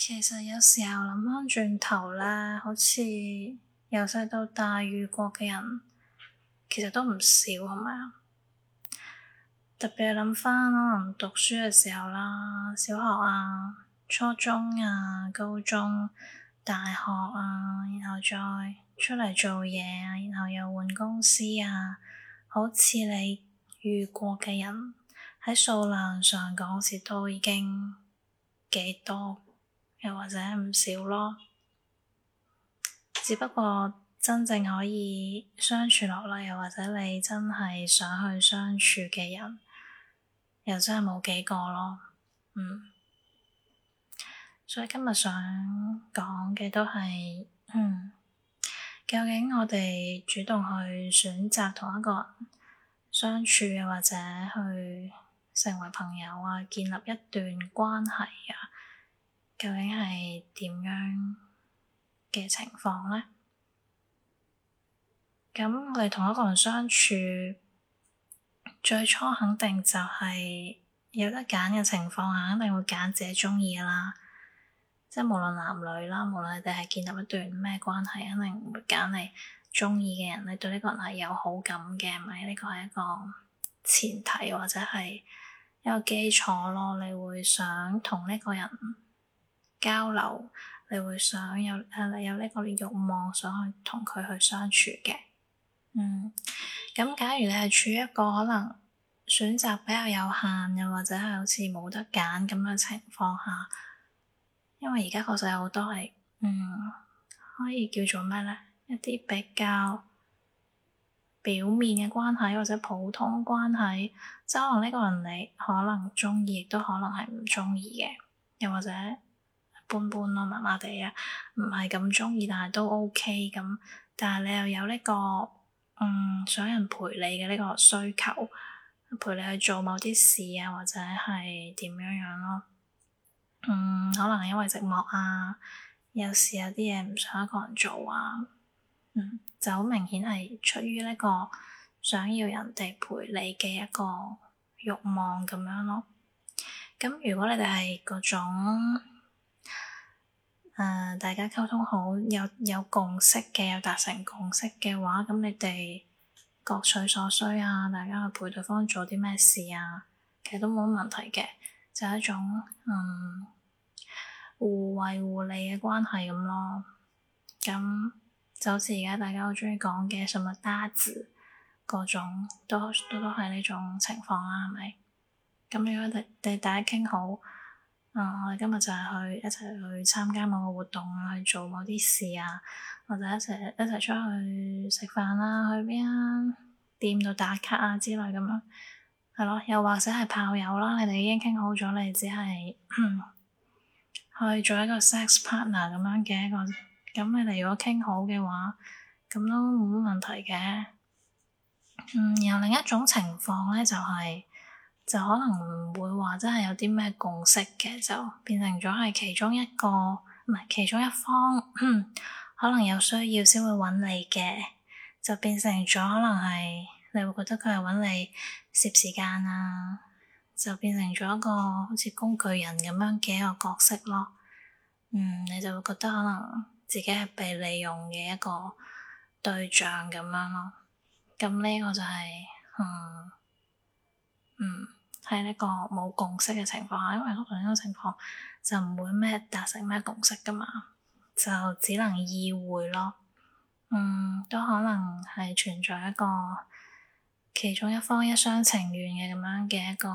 其實有時候諗翻轉頭啦，好似由細到大遇過嘅人，其實都唔少，係咪啊？特別係諗翻可能讀書嘅時候啦，小學啊、初中啊、高中、大學啊，然後再出嚟做嘢啊，然後又換公司啊，好似你遇過嘅人喺數量上講好似都已經幾多。又或者唔少咯，只不過真正可以相處落嚟，又或者你真係想去相處嘅人，又真係冇幾個咯，嗯。所以今日想講嘅都係，嗯，究竟我哋主動去選擇同一個人相處，或者去成為朋友啊，建立一段關係啊。究竟係點樣嘅情況咧？咁我哋同一個人相處，最初肯定就係有得揀嘅情況下，肯定會揀自己中意嘅啦。即係無論男女啦，無論你哋係建立一段咩關係，肯定會揀你中意嘅人。你對呢個人係有好感嘅，咪呢個係一個前提或者係一個基礎咯。你會想同呢個人交流，你會想有你有呢個慾望，想去同佢去相處嘅？嗯，咁假如你係處於一個可能選擇比較有限又或者係好似冇得揀咁嘅情況下，因為而家確實有好多係嗯可以叫做咩咧？一啲比較表面嘅關係，或者普通關係，即係可能呢個人你可能鍾意，亦都可能係唔鍾意嘅，又或者，般般咯，麻麻地啊，唔係咁中意，但係都 OK 咁。但係你又有呢個嗯想人陪你嘅呢個需求，陪你去做某啲事啊，或者係點樣樣咯？嗯，可能係因為寂寞啊，有時有啲嘢唔想一個人做啊。嗯，就好明顯係出於呢個想要人哋陪你嘅一個慾望咁樣咯。咁如果你哋係嗰種～呃、大家溝通好，有，有共識嘅，有達成共識嘅話，咁你哋各取所需啊，大家去陪對方做啲咩事啊，其實都冇乜問題嘅，就係一種嗯互惠互利嘅關係咁咯。咁就好似而家大家好鍾意講嘅什麼搭子，各種，都都都係呢種情況啦、啊，係咪？咁如果你大家傾好。啊、嗯！我哋今日就係去一齊去參加某個活動，去做某啲事啊，或者一齊一齊出去食飯啊，去邊間店度打卡啊之類咁樣，係咯，又或者係炮友啦，你哋已經傾好咗，你只係去做一個 sex partner 咁樣嘅一個，咁你哋如果傾好嘅話，咁都冇乜問題嘅。嗯，然後另一種情況咧，就係、是。就可能唔會話真係有啲咩共識嘅，就變成咗係其中一個唔係其中一方，可能有需要先會揾你嘅，就變成咗可能係你會覺得佢係揾你攝時間啊，就變成咗一個好似工具人咁樣嘅一個角色咯。嗯，你就會覺得可能自己係被利用嘅一個對象咁樣咯。咁呢個就係、是、嗯嗯。嗯喺呢個冇共識嘅情況下，因為通常呢個情況就唔會咩達成咩共識㗎嘛，就只能意會咯。嗯，都可能係存在一個其中一方一廂情願嘅咁樣嘅一個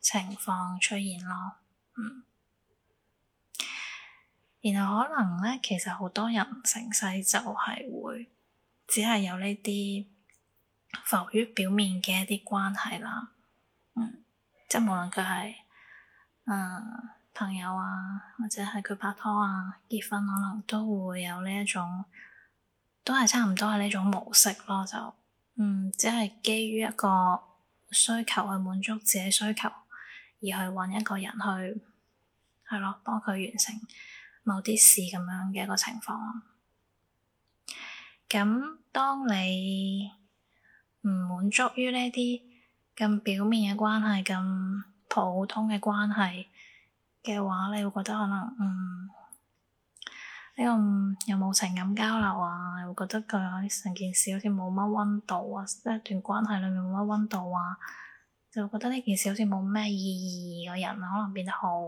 情況出現咯。嗯，然後可能咧，其實好多人成世就係會只係有呢啲浮於表面嘅一啲關係啦。即係無論佢係誒朋友啊，或者係佢拍拖啊、結婚、啊，結婚可能都會有呢一種，都係差唔多係呢種模式咯。就嗯，只係基於一個需求去滿足自己需求，而去搵一個人去係咯，幫佢完成某啲事咁樣嘅一個情況咯。咁當你唔滿足於呢啲。咁表面嘅關係，咁普通嘅關係嘅話，你會覺得可能，嗯，呢個又冇情感交流啊，你會覺得佢成件事好似冇乜溫度啊，一段關係裏面冇乜溫度啊，就會覺得呢件事好似冇咩意義，啊，個人可能變得好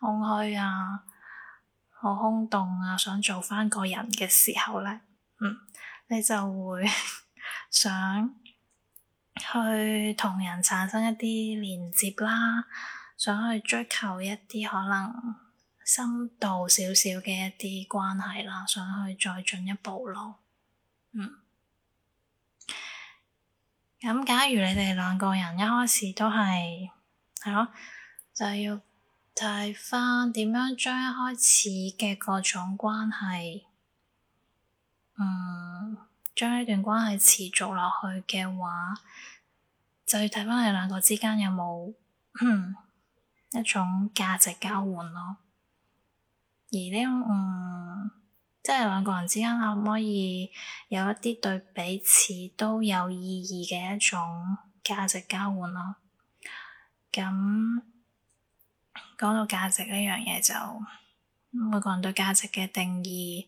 空虛啊，好空洞啊，想做翻個人嘅時候咧，嗯，你就會 想。去同人產生一啲連接啦，想去追求一啲可能深度少少嘅一啲關係啦，想去再進一步咯。嗯，咁假如你哋兩個人一開始都係，係咯，就要睇返點樣將一開始嘅各種關係，嗯。將呢段關係持續落去嘅話，就要睇返你兩個之間有冇一種價值交換咯。而呢，嗯，即係兩個人之間可唔可以有一啲對彼此都有意義嘅一種價值交換咯？咁講到價值呢樣嘢，就每個人對價值嘅定義。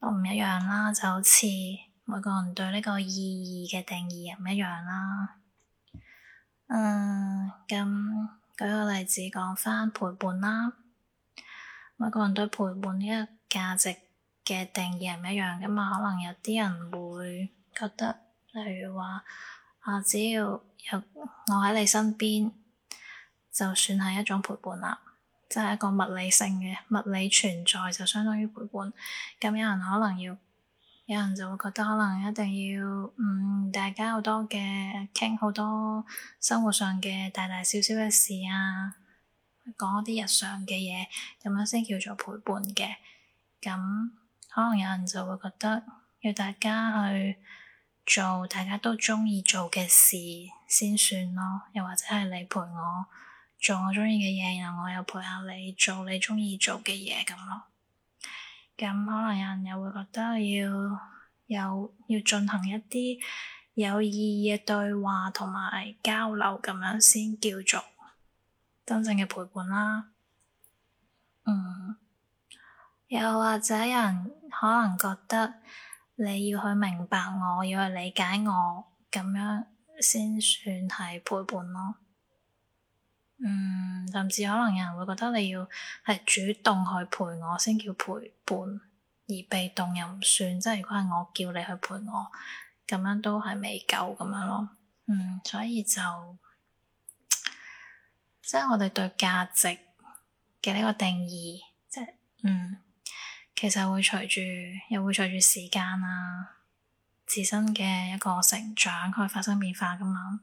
都唔一樣啦，就好似每個人對呢個意義嘅定義又唔一樣啦。嗯，咁舉個例子講翻陪伴啦，每個人對陪伴呢個價值嘅定義唔一樣嘅嘛，可能有啲人會覺得，例如話啊，只要有我喺你身邊，就算係一種陪伴啦。真係一個物理性嘅物理存在，就相當於陪伴。咁有人可能要，有人就會覺得可能一定要，嗯，大家好多嘅傾好多生活上嘅大大小小嘅事啊，講一啲日常嘅嘢，咁樣先叫做陪伴嘅。咁可能有人就會覺得要大家去做大家都鍾意做嘅事先算咯，又或者係你陪我。做我鍾意嘅嘢，然後我又陪下你做你鍾意做嘅嘢咁咯。咁可能有人又會覺得要有要進行一啲有意義嘅對話同埋交流，咁樣先叫做真正嘅陪伴啦。嗯，又或者有人可能覺得你要去明白我，要去理解我，咁樣先算係陪伴咯。嗯，甚至可能有人會覺得你要係主動去陪我先叫陪伴，而被動又唔算，即係如果係我叫你去陪我，咁樣都係未夠咁樣咯。嗯，所以就即係我哋對價值嘅呢個定義，即係嗯，其實會隨住又會隨住時間啦、啊，自身嘅一個成長去發生變化噶嘛，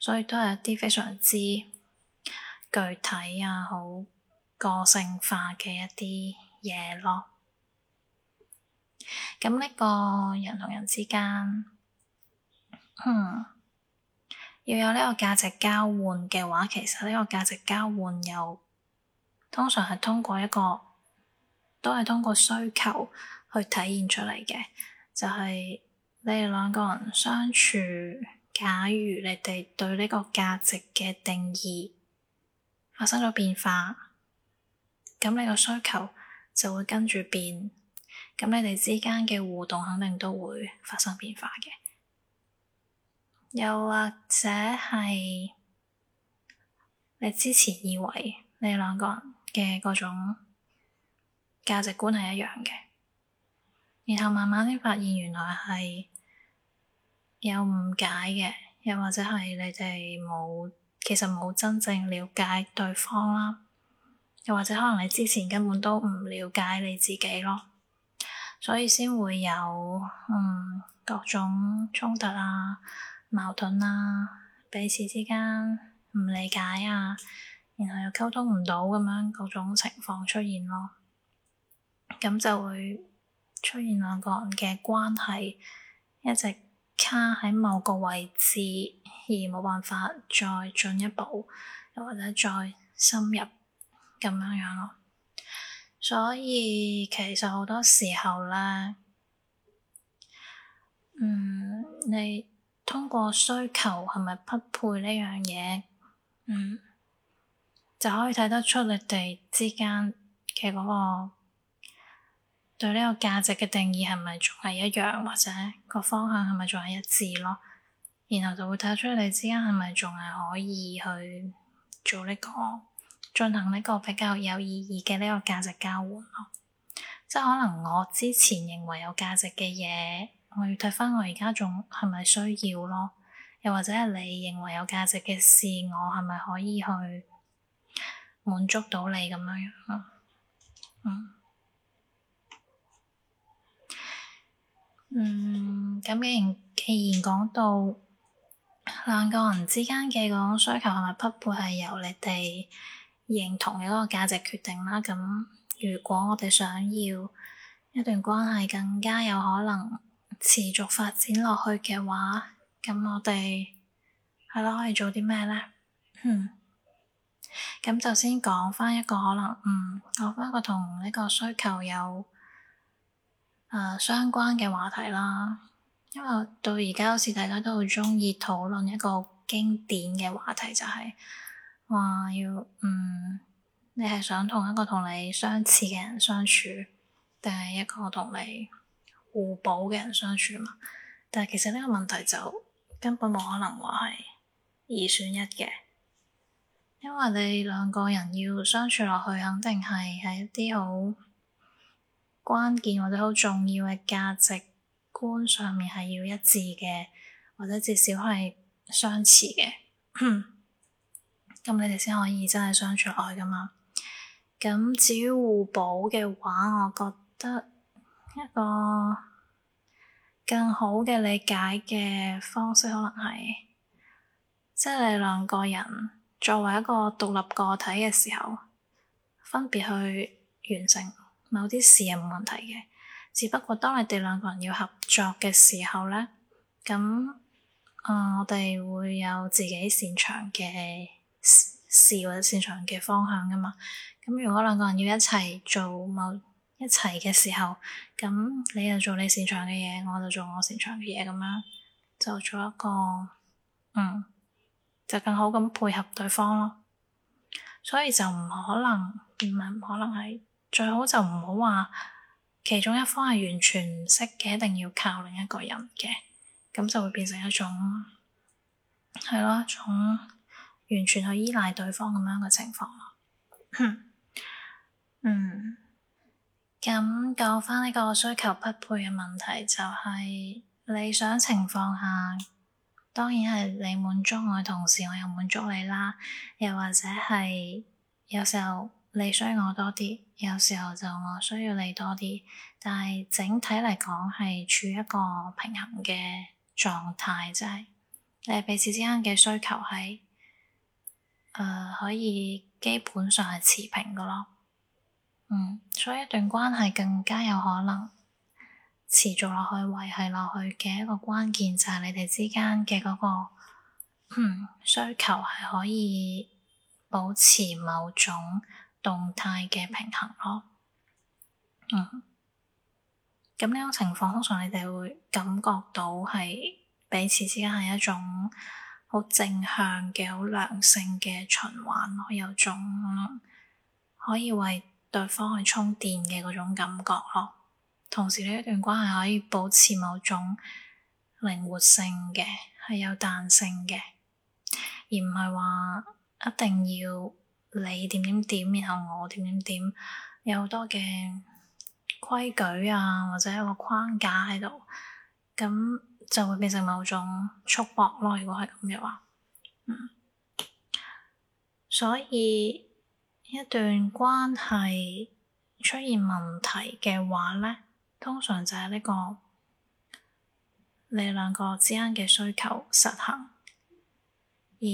所以都係一啲非常之。具體啊，好個性化嘅一啲嘢咯。咁呢個人同人之間，嗯，要有呢個價值交換嘅話，其實呢個價值交換又通常係通過一個都係通過需求去體現出嚟嘅，就係、是、你哋兩個人相處，假如你哋對呢個價值嘅定義。發生咗變化，咁你個需求就會跟住變，咁你哋之間嘅互動肯定都會發生變化嘅。又或者係你之前以為你哋兩個人嘅嗰種價值觀係一樣嘅，然後慢慢先發現原來係有誤解嘅，又或者係你哋冇。其實冇真正了解對方啦，又或者可能你之前根本都唔了解你自己咯，所以先會有，嗯，各種衝突啊、矛盾啊、彼此之間唔理解啊，然後又溝通唔到咁樣各種情況出現咯，咁就會出現兩個人嘅關係，一直卡喺某個位置。而冇辦法再進一步，又或者再深入咁樣樣咯。所以其實好多時候咧，嗯，你通過需求係咪匹配呢樣嘢，嗯，就可以睇得出你哋之間嘅嗰個對呢個價值嘅定義係咪仲係一樣，或者個方向係咪仲係一致咯。然後就會睇出你之間係咪仲係可以去做呢個，進行呢個比較有意義嘅呢個價值交換咯，即係可能我之前認為有價值嘅嘢，我要睇翻，我而家仲係咪需要咯，又或者係你認為有價值嘅事，我係咪可以去滿足到你咁樣樣咯，嗯，嗯，咁既然，既然講到。兩個人之間嘅嗰種需求係咪匹配，係由你哋認同嘅嗰個價值決定啦。咁如果我哋想要一段關係更加有可能持續發展落去嘅話，咁我哋係咯可以做啲咩咧？咁、嗯、就先講返一個可能，嗯，講返一個同呢個需求有誒、呃、相關嘅話題啦。因為到而家好似大家都好鍾意討論一個經典嘅話題，就係，就係話要嗯，你係想同一個同你相似嘅人相處，定係一個同你互補嘅人相處嘛？但係其實呢個問題就根本冇可能話係二選一嘅，因為你兩個人要相處落去，肯定係係一啲好關鍵或者好重要嘅價值。觀上面係要一致嘅，或者至少係相似嘅，咁 你哋先可以真係相處落去噶嘛。咁至於互補嘅話，我覺得一個更好嘅理解嘅方式，可能係即係你兩個人作為一個獨立個體嘅時候，分別去完成某啲事係冇問題嘅。只不過當你哋兩個人要合作嘅時候咧，咁誒、呃，我哋會有自己擅長嘅事或者擅長嘅方向噶嘛。咁如果兩個人要一齊做某一齊嘅時候，咁你就做你擅長嘅嘢，我就做我擅長嘅嘢，咁樣就做一個嗯，就更好咁配合對方咯。所以就唔可能，唔係唔可能係最好，就唔好話。其中一方係完全唔識嘅，一定要靠另一個人嘅，咁就會變成一種，係咯，一種完全去依賴對方咁樣嘅情況咯。 嗯，咁講返呢個需求匹配嘅問題，就是，就係理想情況下，當然係你滿足我嘅同時，我又滿足你啦。又或者係有時候。你需要我多啲，有時候就我需要你多啲，但係整體嚟講係處於一個平衡嘅狀態，就係、是、你哋彼此之間嘅需求係誒、呃、可以基本上係持平嘅咯。嗯，所以一段關係更加有可能持續落去維係落去嘅一個關鍵就係、是、你哋之間嘅嗰個、嗯、需求係可以保持某種動態嘅平衡咯，嗯，咁呢種情況通常你哋會感覺到係彼此之間係一種好正向嘅、好良性嘅循環咯，有種可，可以為對方去充電嘅嗰種感覺咯。同時，呢一段關係可以保持某種靈活性嘅，係有彈性嘅，而唔係話一定要。你點點點，然後我點點點，有好多嘅規矩啊，或者一個框架喺度，咁就會變成某種束縛咯，啊。如果係咁嘅話，嗯，所以一段關係出現問題嘅話咧，通常就係呢、這個你兩個之間嘅需求失衡。而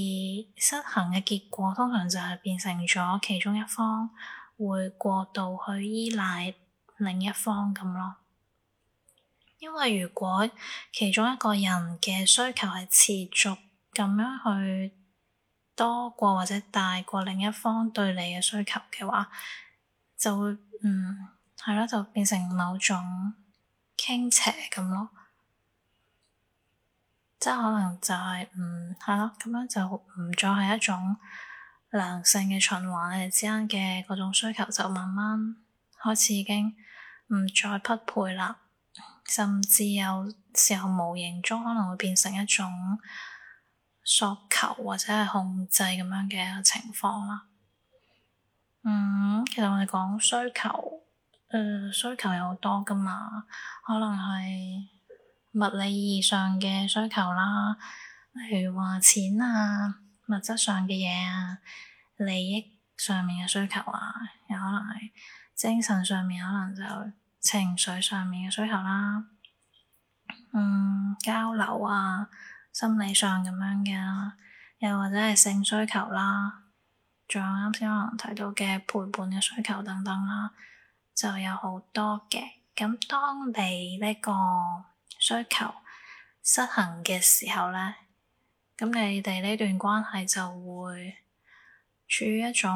失衡嘅結果，通常就係變成咗其中一方會過度去依賴另一方咁咯。因為如果其中一個人嘅需求係持續咁樣去多過或者大過另一方對你嘅需求嘅話，就會，嗯，係咯，就變成某種傾斜咁咯。即係可能就係、係、嗯，係咯，咁樣就唔再係一種良性嘅循環，你哋之間嘅嗰種需求就慢慢開始已經唔再匹配啦，甚至有時候無形中可能會變成一種索求或者係控制咁樣嘅情況啦。嗯，其實我哋講需求，誒、呃，需求有好多噶嘛，可能係。物理意義上嘅需求啦，例如話錢啊、物質上嘅嘢啊、利益上面嘅需求啊，有可能係精神上面，可能就情緒上面嘅需求啦。嗯，交流啊，心理上咁樣嘅，又或者係性需求啦，仲有啱先可能提到嘅陪伴嘅需求等等啦，就有好多嘅。咁當你呢個。需求失衡嘅時候咧，咁你哋呢段關係就會處於一種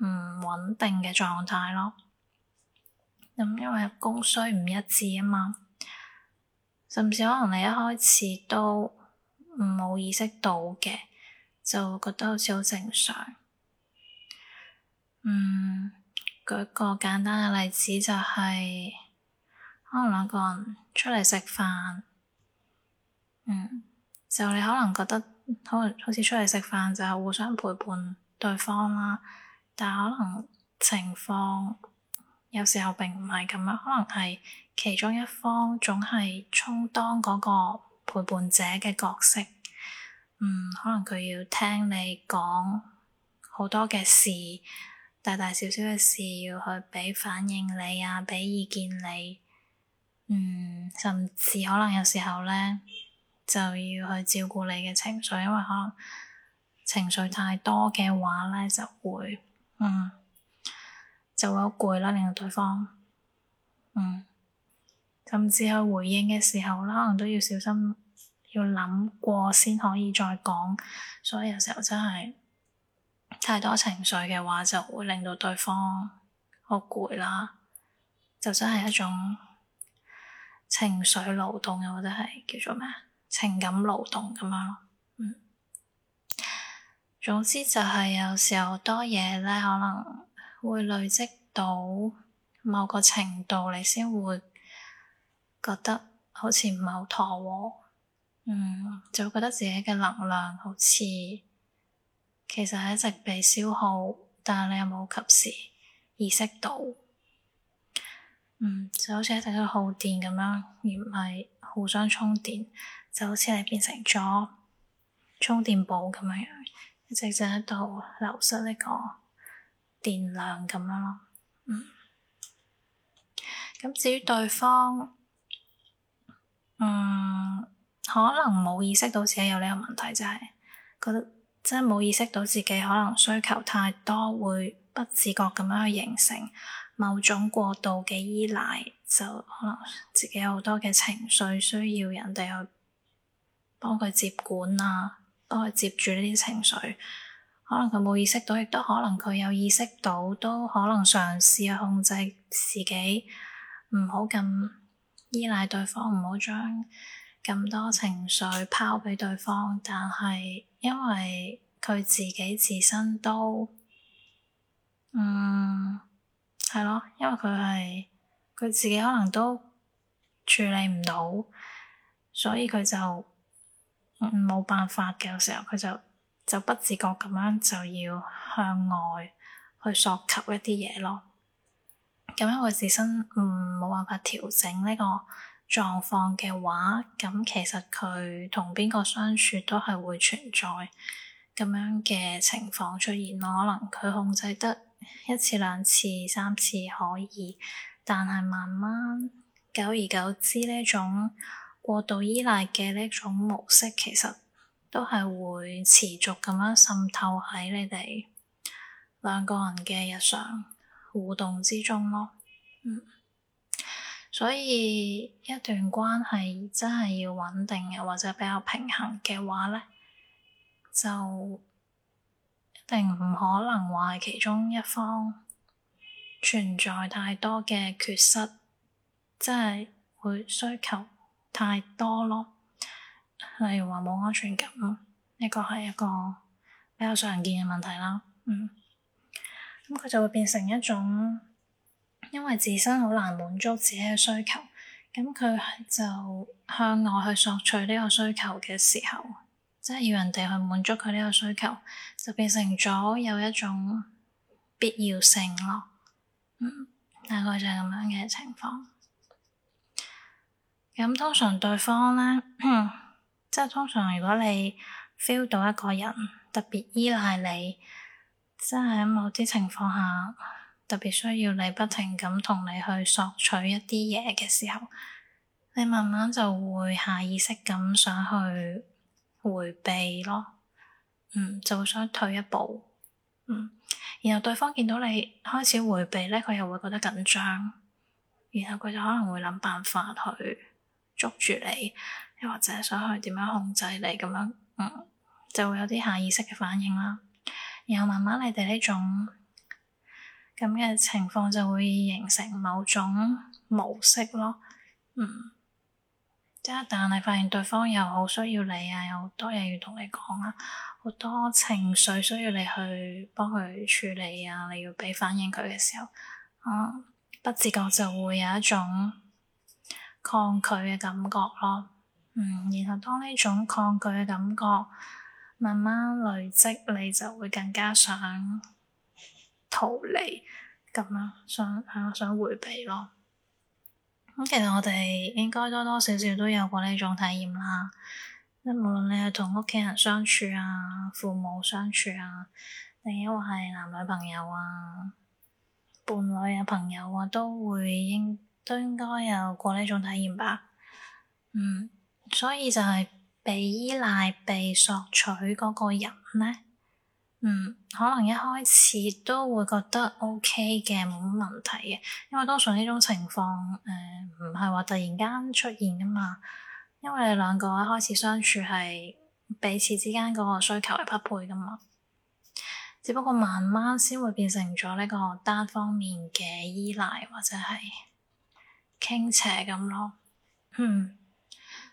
唔穩定嘅狀態咯。咁因為供需唔一致啊嘛，甚至可能你一開始都冇意識到嘅，就會覺得好似好正常。嗯，舉個簡單嘅例子就係可能兩個人。出嚟食飯，嗯，就你可能覺得，可能好似出嚟食飯就係互相陪伴對方啦。但可能情況有時候並唔係咁樣，可能係其中一方總係充當嗰個陪伴者嘅角色。嗯，可能佢要聽你講好多嘅事，大大小小嘅事，要去畀反應你啊，畀意見你。嗯，甚至可能有時候咧就要去照顧你嘅情緒，因為可能情緒太多嘅話咧就會嗯就會好攰啦，令到對方嗯甚至喺回應嘅時候啦，可能都要小心要諗過先可以再講。所以有時候真係太多情緒嘅話，就會令到對方好攰啦，就真係一種。情緒勞動，或者係叫做咩啊？情感勞動咁樣咯。嗯，總之就係有時候多嘢咧，可能會累積到某個程度，你先會覺得好似唔係好妥喎。嗯，就會覺得自己嘅能量好似其實係一直被消耗，但係你又冇及時意識到。嗯，就好似一直喺度耗電咁樣，而唔係互相充電，就好似你變成咗充電寶咁樣樣，一直就喺度流失呢個電量咁樣咯。嗯，咁至於對方，嗯，可能冇意識到自己有呢個問題，就係覺得真係冇意識到自己可能需求太多，會不自覺咁樣去形成。某種過度嘅依賴，就可能自己有好多嘅情緒需要人哋去幫佢接管啊，幫佢接住呢啲情緒。可能佢冇意識到，亦都可能佢有意識到，都可能嘗試去控制自己，唔好咁依賴對方，唔好將咁多情緒拋俾對方。但係因為佢自己自身都，嗯。係咯，因為佢係佢自己可能都處理唔到，所以佢就嗯，冇辦法嘅時候，佢就就不自覺咁樣就要向外去索求一啲嘢咯。咁樣佢自身嗯，冇辦法調整呢個狀況嘅話，咁其實佢同邊個相處都係會存在咁樣嘅情況出現咯。可能佢控制得。一次、兩次、三次可以，但係慢慢、久而久之呢種過度依賴嘅呢種模式，其實都係會持續咁樣滲透喺你哋兩個人嘅日常互動之中咯。嗯，所以一段關係真係要穩定嘅，或者比較平衡嘅話咧，就～定唔可能話其中一方存在太多嘅缺失，即係會需求太多咯。例如話冇安全感，呢個係一個比較常見嘅問題啦。嗯，咁，嗯，佢就會變成一種，因為自身好難滿足自己嘅需求，咁佢就向外去索取呢個需求嘅時候。即係要人哋去滿足佢呢個需求，就變成咗有一種必要性咯。嗯，大概就係咁樣嘅情況。咁通常對方呢，即係通常如果你 feel 到一個人特別依賴你，即係喺某啲情況下特別需要你，不停咁同你去索取一啲嘢嘅時候，你慢慢就會下意識咁想去，回避咯，嗯，就會想退一步，嗯，然後對方見到你開始回避咧，佢又會覺得緊張，然後佢就可能會諗辦法去捉住你，又或者想去點樣控制你咁樣，嗯，就會有啲下意識嘅反應啦，然後慢慢你哋呢種咁嘅情況就會形成某種模式咯，嗯。即係，但係你發現對方又好需要你啊，有好多嘢要同你講啊，好多情緒需要你去幫佢處理啊，你要畀反應佢嘅時候，嗯，不自覺就會有一種抗拒嘅感覺咯。嗯，然後當呢種抗拒嘅感覺慢慢累積，你就會更加想逃離，咁樣想啊想回避咯。咁其實我哋應該多多少少都有過呢種體驗啦。即係無論你係同屋企人相處啊，父母相處啊，定抑或係男女朋友啊、伴侶啊、朋友啊，都會應都應該有過呢種體驗吧。嗯，所以就係被依賴、被索取嗰個人呢，嗯，可能一開始都會覺得 OK 嘅，冇乜問題嘅，因為多數呢種情況誒唔係話突然間出現噶嘛，因為你兩個一開始相處係彼此之間嗰個需求係匹配噶嘛，只不過慢慢先會變成咗呢個單方面嘅依賴或者係傾斜咁咯，嗯，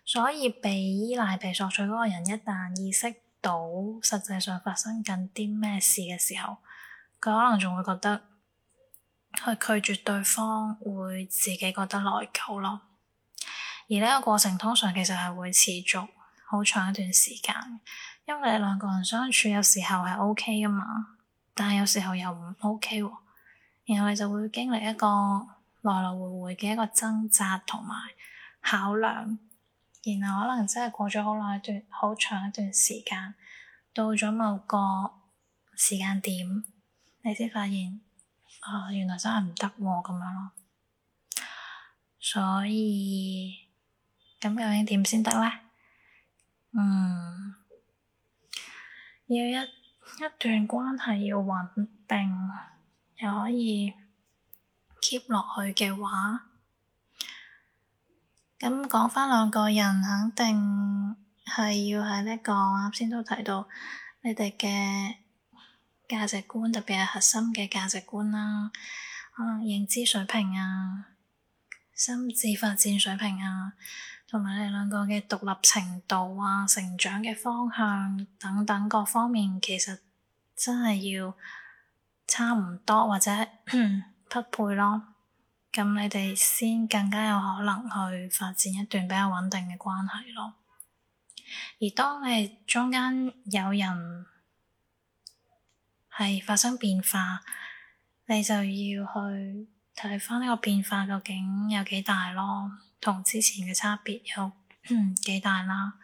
所以被依賴、被索取嗰個人一旦意識到實際上發生緊啲咩事嘅時候，佢可能仲會覺得去拒絕對方會自己覺得內疚咯。而呢個過程通常其實係會持續好長一段時間，因為你兩個人相處有時候係 OK 㗎嘛，但係有時候又唔 OK 喎。然後你就會經歷一個來來回回嘅一個掙扎同埋考量。然後可能真係過咗好耐一段好長一段時間，到咗某個時間點，你先發現，啊原來真係唔得喎咁樣咯。所以咁究竟點先得咧？嗯，要一一段關係要穩定又可以 keep 落去嘅話。.咁講返兩個人，肯定係要喺呢、呢個啱先都提到你哋嘅價值觀，特別係核心嘅價值觀啦。可、啊、能認知水平啊、心智發展水平啊，同埋你兩個嘅獨立程度啊、成長嘅方向等等各方面，其實真係要差唔多或者 匹配咯。咁你哋先更加有可能去發展一段比較穩定嘅關係咯。而當你哋中間有人係發生變化，你就要去睇返呢個變化究竟有幾大咯，同之前嘅差別有幾 大啦。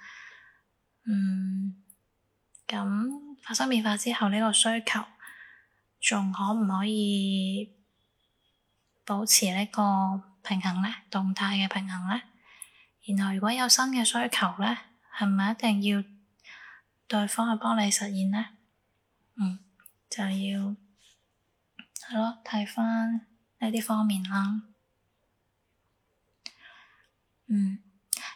嗯，咁發生變化之後，呢個需求仲可唔可以？保持呢個平衡咧，動態嘅平衡咧。然後如果有新嘅需求咧，係咪一定要對方去幫你實現咧？嗯，就要係咯，睇翻呢啲方面啦。嗯，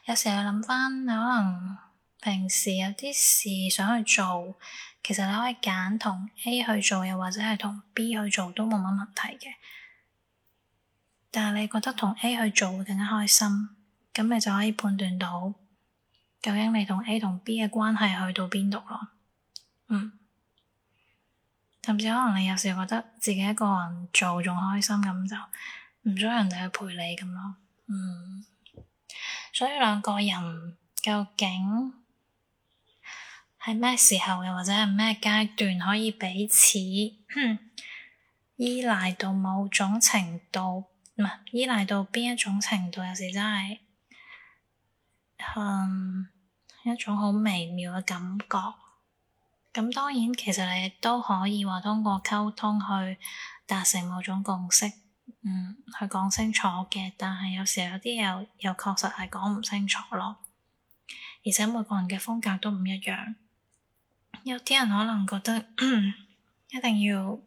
有時候諗翻你，可能平時有啲事想去做，其實你可以揀同 A 去做，又或者係同 B 去做，都冇乜問題嘅。但係你覺得同 A 去做會更加開心，咁你就可以判斷到究竟你同 A 同 B 嘅關係去到邊度咯。嗯，甚至可能你有時覺得自己一個人做仲開心，咁就唔想人哋去陪你咁咯。嗯，所以兩個人究竟係咩時候又或者係咩階段可以彼此依賴到某種程度？唔係依賴到邊一種程度，有時真係，嗯，一種好微妙嘅感覺。咁當然，其實你都可以話通過溝通去達成某種共識，嗯，去講清楚嘅。但係有時候有啲又又確實係講唔清楚咯，而且每個人嘅風格都唔一樣，有啲人可能覺得一定要。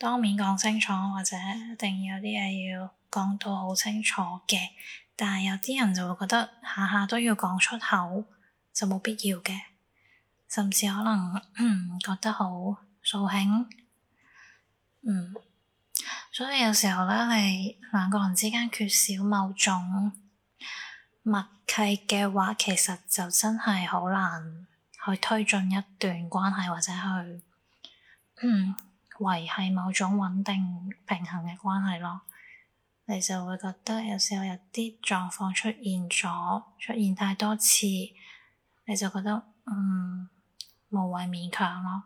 當面講清楚，或者一定有啲嘢要講到好清楚嘅。但係有啲人就會覺得下下都要講出口就冇必要嘅，甚至可能嗯覺得好掃興。嗯，所以有時候咧，你兩個人之間缺少某種默契嘅話，其實就真係好難去推進一段關係，或者去，嗯維繫某種穩定平衡嘅關係咯，你就會覺得有時候有啲狀況出現咗，出現太多次，你就覺得嗯，無謂勉強咯。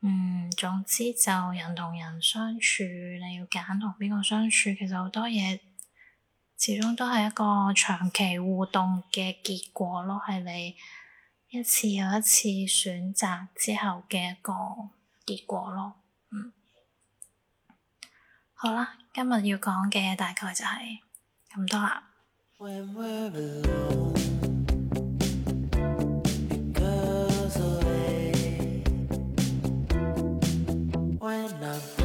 嗯，總之就人同人相處，你要揀同邊個相處，其實好多嘢始終都係一個長期互動嘅結果咯，係你一次又一次選擇之後嘅一個。結果咯，嗯。好啦，今日要講嘅大概就係咁多啦。